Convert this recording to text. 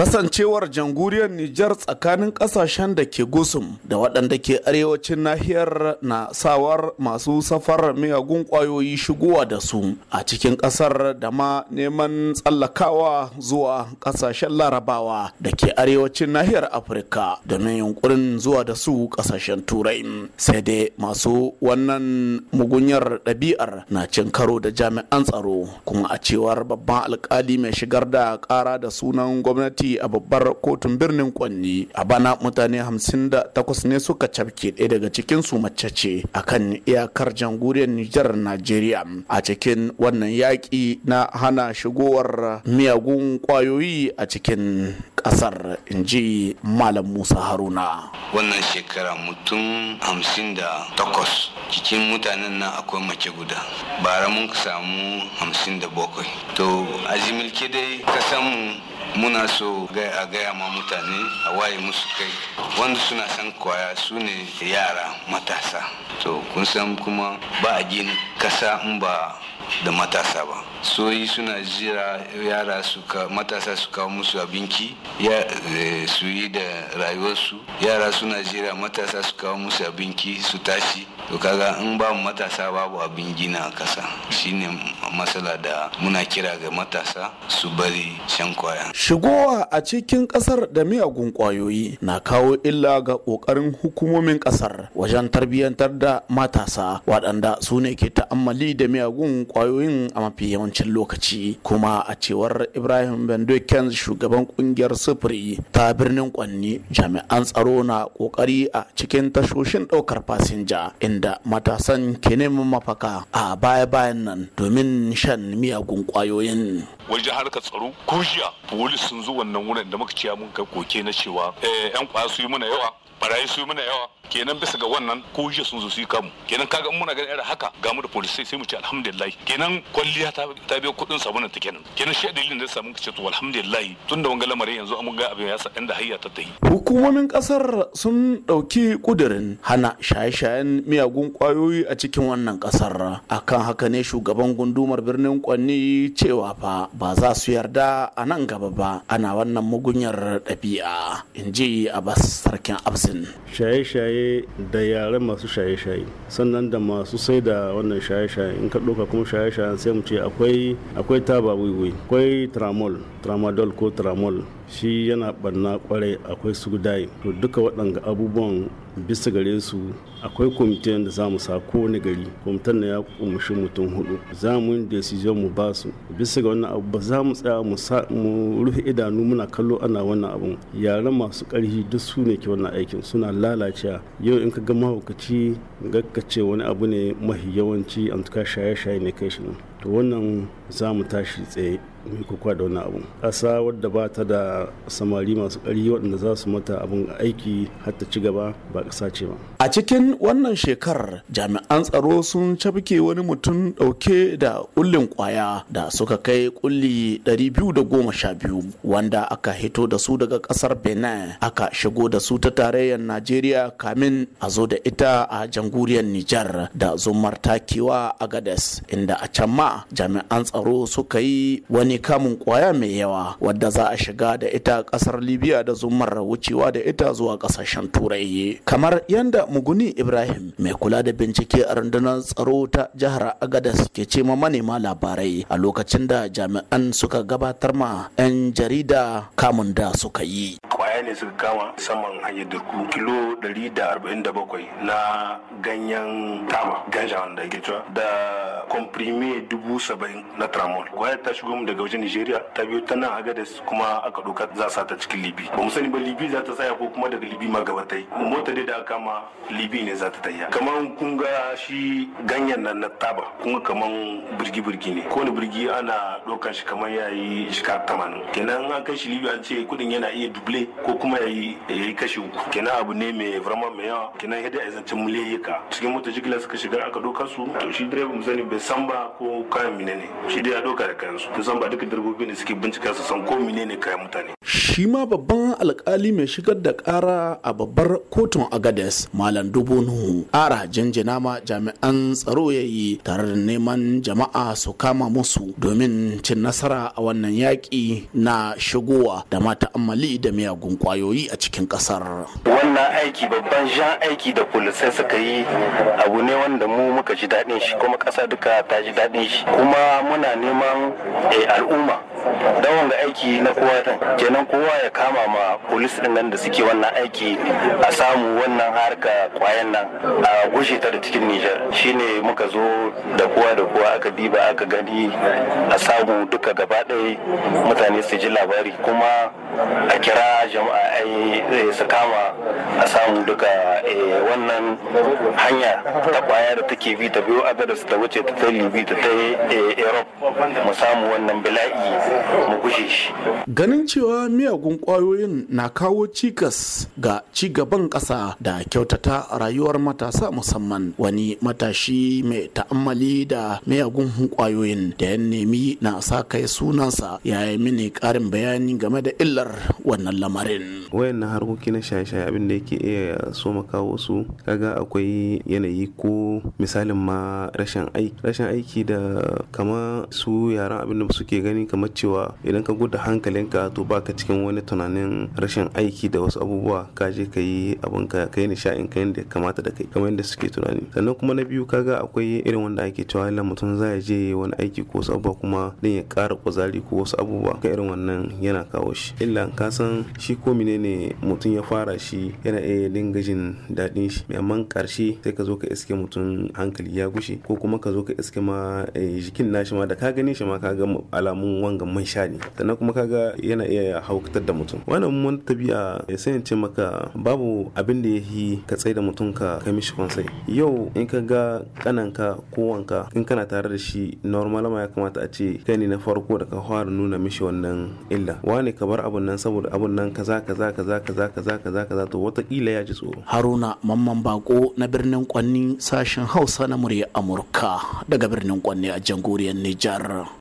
kasancewar jamhuriyar Nijar tsakanin kasashen da ke gusum da waɗanda ke arewacin nahiyar na sawar masu safar miyagun ƙwayoyi shigowa da su a cikin ƙasar da ma neman tsallakawa zuwa ƙasashen larabawa da ke arewacin nahiyar afirka domin yunkurin zuwa da su ƙasashen turai sai dai masu wannan mugunyar ɗabi'ar na cin karo da jami'an tsaro kuma a cewar babban alkali mai shigar da ƙara da sunan gwamnati a babbar kotun birnin Kwanni. A bana mutane hamsin ne suka cafke ɗaya daga cikin su mace ce akan iyakar jamhuriyar Nijar Najeriya a cikin wannan yaƙi na hana shigowar miyagun kwayoyi a cikin ƙasar inji Malam Musa Haruna. Wannan shekara mutum hamsin da takwas cikin mutanen nan akwai mace guda bara mun samu hamsin da bakwai to azimilke dai ka samu muna so a gaya ma mutane a waye musu kai wanda suna san kwaya su ne yara matasa to kun san kuma ba a gini kasa in ba da matasa ba soyi suna jira yara suka matasa su kawo musu abinki ya eh, su yi da rayuwarsu yara suna jira matasa su kawo musu abinki su tashi to kaga in ba matasa babu abin gina a kasa shine matsala da muna kira ga matasa su bari shan kwaya shigowa a cikin kasar da miyagun kwayoyi na kawo illa ga kokarin hukumomin kasar wajen tarbiyyantar da matasa waɗanda su ne ke ta ammali da miyagun kwayoyin a mafi yawancin lokaci kuma a cewar ibrahim bendoken shugaban kungiyar sufuri ta birnin kwanni jami'an tsaro na kokari a cikin tashoshin daukar fasinja inda matasan ke neman mafaka a baya-bayan nan domin shan miyagun kwayoyin wajen harkar tsaro kujiya polis sun zo wannan wurin da muka ciya mun kai koke na cewa eh, yan kwaya su yi mana yawa barayi su mana yawa kenan bisa ga wannan ko jiya sun zo su yi kamu kenan kaga in muna ganin irin haka ga mu da polisi sai mu ce alhamdulillah kenan kwalliya ta biyo kudin sabon ta kenan kenan shi dalilin da samu ka ce to alhamdulillah tunda wanga lamarin yanzu an ga abin ya sa da hayya ta yi. hukumomin kasar sun dauki kudirin hana shaye-shayen miyagun kwayoyi a cikin wannan kasar akan haka ne shugaban gundumar birnin kwanni cewa fa ba za su yarda a nan gaba ba ana wannan mugunyar ɗabi'a in ji abbas sarkin abzi shaye-shaye da yare masu shaye-shaye sannan da masu sai da wannan shaye-shaye in ka ɗauka kuma shaye-shayen sai mu ce akwai akwai taba wiwi akwai tramol tramadol ko tramol shi yana barna kwarai akwai su dai to duka waɗanga abubuwan bisa gare su akwai kwamitin da za mu sa kowane gari kwamitin na ya kumshi mutum hudu za mu yi decision mu ba su bisa ga wannan abu ba za mu tsaya mu rufe idanu muna kallo ana wannan abun yaran masu karfi duk su ne ke wannan aikin suna lalacewa yau in ka ga mahaukaci gaggace wani abu ne mahi yawanci an tuka shaye-shaye ne kai shi to wannan za mu tashi tsaye mai kuka da abun ƙasa wadda ba ta da samari masu ƙari waɗanda za su mata abun aiki har ci gaba ba ƙasa ce ba a cikin wannan shekarar jami'an tsaro sun cafke wani mutum ɗauke da ƙullin ƙwaya da suka kai ƙulli 212 wanda aka hito da su daga ƙasar benin aka shigo da su ta tarayyar najeriya kamin a zo da ita a jamhuriyar nijar da zumar takewa a Gadas, inda a can ma jami'an tsaro suka yi wani wani kamun kwaya mai yawa wadda za a shiga da ita kasar libya da zumar wucewa da ita zuwa kasashen turai kamar yadda muguni ibrahim mai kula da bincike a rundunar tsaro ta jihar agadas ke ce ma manema labarai a lokacin da jami'an suka gabatar ma 'yan jarida kamun da suka yi baya ne suka kama saman hanyar durku kilo 147 na ganyen taba ganja wanda ke cewa da komprime dubu saba'in na tramol waya ta shigo mu daga wajen nigeria ta biyu ta nan agades kuma aka doka za sa ta cikin libi ba mu sani ba libi za ta tsaya ko kuma daga libi ma gaba ta yi mota dai da aka kama libi ne za ta tayya kamar kun ga shi ganyen nan na taba kun kamar birgi-birgi ne kowane birgi ana dokan shi kamar yayi shika tamanin kenan an kai shi libi an ce kudin yana iya duble ko ko kuma ya yi kashi uku kenan abu ne mai vraiment mai yawa kenan yadda a zancen ka. cikin mota jigila suka shiga aka doka su to shi direba mu sani bai san ba ko kayan mine ne shi dai ya doka da kayan su kun san ba duka direbobi ne suke bincika su san ko mine ne kayan mutane shi ma babban alkali mai shigar da kara a babbar kotun agades malam dubu nuhu ara jinjina ma jami'an tsaro ya yi tare da neman jama'a su kama musu domin cin nasara a wannan yaƙi na shigowa da mata amali da miyagun kwayoyi a cikin kasar. Wannan aiki babban jan aiki da polisai suka yi abu ne wanda mu muka ji daɗin shi kuma ƙasa duka ta ji daɗin shi kuma muna neman eh, al'umma don wanga aiki na kowa kenan kowa ya kama ma polis din nan da suke wannan aiki a samu wannan harka kwayan nan a gushe ta da cikin Nijar shine muka zo da kowa da kowa aka diba aka gani a samu duka gaba ɗaya mutane su ji labari kuma a kira jama'a eh, su kama a samu duka eh, wannan hanya ta kwaya da take bi ta biyo agadas ta wuce ta ta libi ta ta eh, europe mu samu wannan bila'i mu guje shi ganin cewa miyagun kwayoyin na kawo cikas ga cigaban gaban ƙasa da kyautata rayuwar matasa musamman wani matashi mai ta'ammali da miyagun kwayoyin da ya nemi na sa kai sunansa ya yi mini ƙarin bayani game da illar wannan lamarin wayannan harkoki na shaye-shaye abin da yake iya so kawo su kaga akwai yanayi ko misalin ma rashin aiki rashin aiki da kama su yaran abin da suke gani kamar cewa idan ka gudu hankalinka to baka cikin wani tunanin rashin aiki da wasu abubuwa ka je ka yi abin ka kai nishaɗin ka yadda kamata da kai kamar yadda suke tunani sannan kuma na biyu kaga akwai irin wanda ake cewa illa mutum za ya je wani aiki ko wasu abubuwa kuma din ya ƙara kuzari ko wasu abubuwa ka irin wannan yana kawo shi illa ka san shi ko menene mutum ya fara shi yana iya dinga jin daɗin shi mai amma ƙarshe sai ka zo ka iske mutum hankali ya gushe ko kuma ka zo ka iske ma eh, jikin nashi ma da ka gane shi ma ka ga alamun wanga mun sha ne sannan kuma kaga yana iya haukatar da mutum wannan wani tabi'a ya eh, sai ce maka babu abin da ya yahi ka tsaye da mutum ka kai mishi konsai yau in ka ga kananka ko wanka in kana tare da shi normal ma ya kamata a ce kai ne na farko da ka fara nuna mishi wannan illa wani ka bar abun nan saboda abun nan kaza kaza kaza kaza kaza kaza kaza to watakila ya ji tsoro haruna mamman bako na birnin kwanni sashen hausa na murya amurka daga birnin kwanni a jamhuriyar nijar